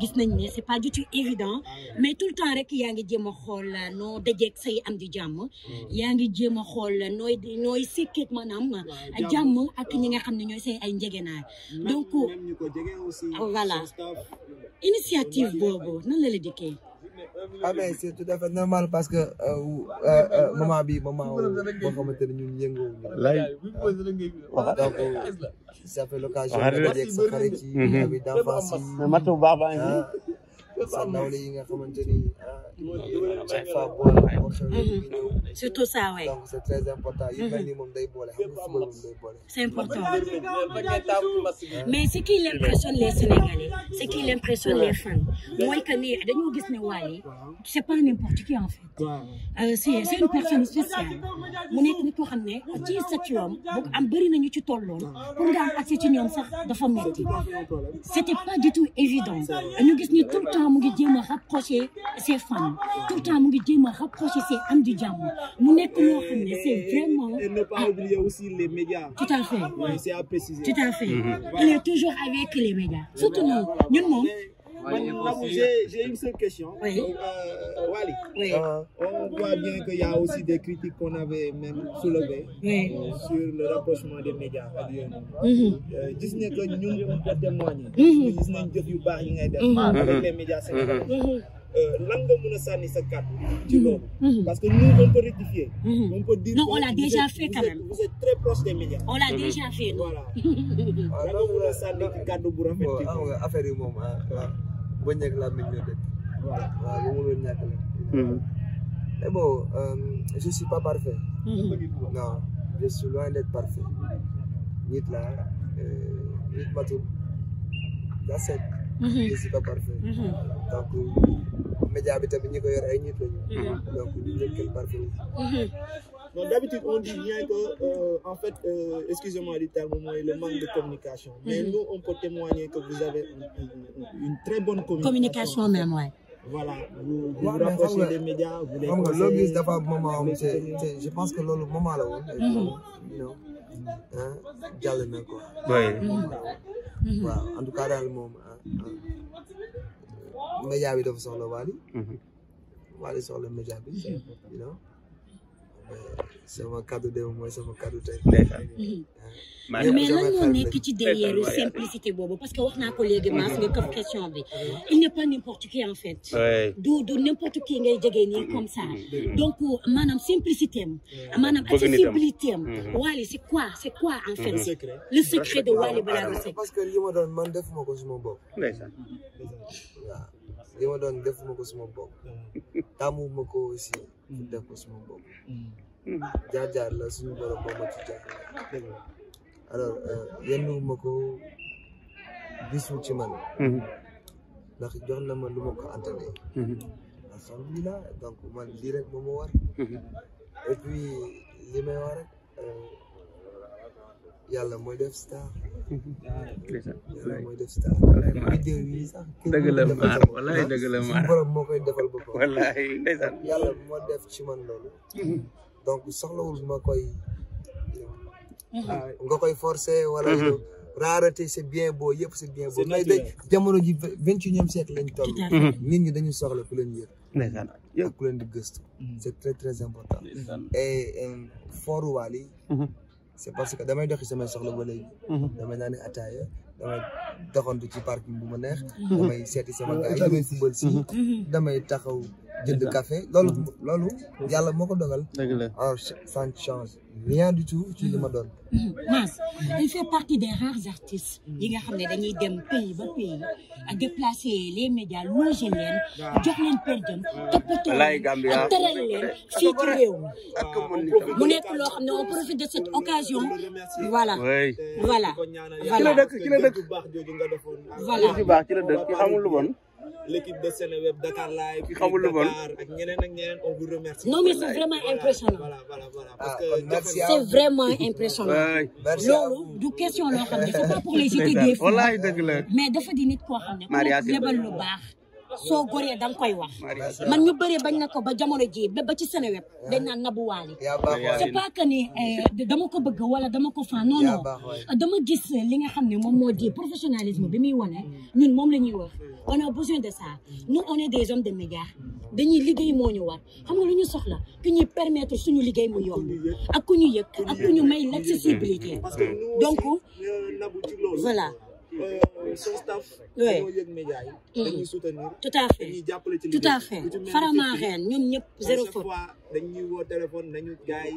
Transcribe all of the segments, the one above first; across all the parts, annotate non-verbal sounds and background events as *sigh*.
gis nañ ne c'est pas du tout évident ah mais tout le temps rek yaa ngi jéem a xool euh, noo dajeeg say am di jàmm hmm. yaa ngi jéem a xool euh, nooy nooy sikkeeg maanaam euh, jàmm ak ñi nga xam ne ñooy say ay njëgënaay donc voilà initiative boobu nan la la dikkee ah mais c'est normal parce que euh, euh, euh, moment bi moment boo xamante ne ñun yëngu. lay wax donc ça fait l'occasion nga sa xarit yi. Mm-hmm. abi d'enfance yi. Ah, sa nawle yi nga xamante ah, ay faa boole mhm. ay morceaux surtout saa waay donc c'est très important yu mhm. mel ni moom day boole xam nga moom day boole c'est important mais ce qui l'impressionne les Sénégalais ce qui l'impressionne les fans mooy que ni dañoo gis ne Wally c'est pas n'importe qui en fait euh, c'est c'est une personne spéciale mu nekk ni ko xam ne ci statut am bu am bëri nañu ci tolloon pour nga am accès ci ñoom sax dafa metti c'était pas du tout évident ñu gis ni tout le temps mu ngi jéem a rapprocher ses femmes tout temps mu di jàmm mu nekk loo xam ne c'est vraiment. les médias. tout à fait tout à fait il est toujours avec les médias surtout ñun ñun moom. j'ai une seule question. Oui. Euh, Wally, oui. euh, on y a aussi des critiques qu'on euh, sur le rapprochement des médias ak yooyu noonu. Mhm. Euh, gis nañ que ñun on peut témoigner. Mhm. gis nañ jëf yu baax yi ngay def. Mhm. avec les médias sénégalais. Euh, lan nga mën a sànni sa kàddu ci mhm. loolu mhm. parce que nous on peut rectifier mhm. on peut dire non on l'a déjà fait quand même vous êtes très proche des médias on l'a déjà fait voilà *laughs* ah, lan nga mën a sànni ci kàddu bu rafet ci nga ah, affaire yi moom ah waaw ba ñekk laa mel ñoo dëkk voilà waaw bu mënul ñàkk la mais bon euh, je suis pas parfait non je suis loin d'être parfait nit la euh, nit matul la set je suis pas parfait donc média bi tamit ñi ko yor ay nit lañu. Mhm. donc ñu ñëpp kenn parcours. donc mhm. d'habitude on dit bien que euh, en fait euh, excusez-moi du terme mooy le manque de communication. Mhm. mais nous on peut témoigner que vous avez une, une très bonne communication. communication même waay. voilà vous vous rapprochez des médias. vous les conseillez loolu gis dafa moment am je pense que loolu moment la woon. non ah jàll na quoi. waaw en tout cas daal moom média bi dafa soxla Wally mhm. Wally soxla média bi you know sama kaddu dem mooy sama kaddu tey. Mhm. mais lan moo nekk ci derrière simplicité boobu parce que wax naa ko léegi mas mhm. nga këf question bi mhm. il n'est pas n'importe qui en fait. du du n'importe qui ngay jege nii comme ça. donc euh, maanaam simplicité am. maanaam accessibilité am. Wally c'est quoi c'est quoi en fait. le secret de Wally Ballago ah, Seck. parce que li ma doon man def ma ko suma bopp. li ma doon defuma ko suma bopp mm. tàmmu ma ko aussi pour mm. def ko suma bopp mm. jaar-jaar la suñu borom boo ma ci jaar alors euh, yennu ko bisul ci man mm-hmm. ndax jox na ma lu ma ko entraîné mm-hmm. alhamdulilah donc man lii rek moo ma war mm-hmm. et puis war rek euh, yàlla mooy def star dëgg la maar walaay dëgg la maar borom moo koy defal boppam walaay ndeysaan yàlla moo def ci man loolu donc soxlawul ma koy nga koy forcer wala rareté c'est bien beau yëpp c'est bien beau mais day jamono ji vingt et unième siècle lañ toll nit ñi soxla ku leen yër ak leen di gëstu c'est très très important et foru Wally c'est parce que damay doxi samay soxla ba léegi. Mhm. damay naan ataaya damay doxantu ci parking bu ma neex. Mhm. damay seeti sama gars yi damay fubal si. Mhm. damay taxaw. jënd kafe loolu mhm. loolu yàlla moo ko dogal alors ah, ça ne change rien du tout li ma doon *clears throat* Mass il fait partie des rares artistes yi nga xam ne dañuy dem pays ba pays a déplacer les médias loger leen jox leen per diem toppatoo leen teral leen fii ci réew mi mu nekk loo xam ne on profite de cette occasion voilà voilà voilà ki la dëkk ki la dëkk voilà ki la dëkk l'équipe de Sénéweb Dakar Live. xamul lu bon ñeneen ak ñeneen on vous remercie. non mais c'est vraiment impressionnant. voilà ah, c'est vraiment impressionnant. du question loo xam ne c'est pas pour les citer des fous. mais dafa di nit koo xam ne. mariage lu baax. soo goree da nga koy wax man ñu bëree bañ na ko ba jamono ji ba ci Seneweb dañ naan Nabou Wally c'est pas ni eh, dama ko bëgg wala dama ko fan non non dama gis li nga xam ne moom moo di professionnalisme bi muy wane ñun moom la ñuy wax a besoin de ça nous des hommes de médias dañuy liggéey moo ñu war xam nga lu ñu soxla ku ñuy permettre suñu liggéey mu yoom ak ku ñu yëg ak ku ñu may l'accessibilité donc voilà Euh, son staff. oui ñoo yëg média yi. dañuy soutenir. tout à fait dañuy jàppale ci liggéey tout à fait Faramareen ñun ñëpp zéro faute. dañuy woo téléphone dañu gaay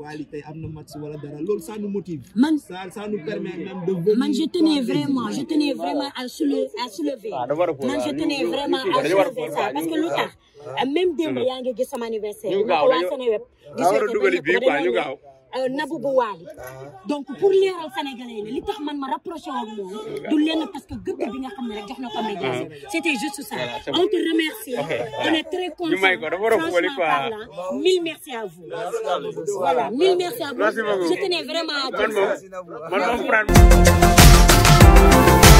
waali tey am na match wala dara loolu ça nous motive. man ça ça nous permet même de venir man je tenais vraiment je tenais à soulever à ah, man je tenais vraiment à soulever ça parce que lu ah. tax même démb mm. yaa ngi gis anniversaire. ñu gaaw dañoo ñu gaaw Euh, Nabou bu Waly donc pour leeral sénégalais yi li tax man ma rapproché woon moom du lenn parce que gëdd bi nga xam ne rek jox na ko médiation ah. c'était juste ça on te remercie on est très content franchement parlant mille merci à vous voilà mille merci à vous je tenais vraiment à dire ça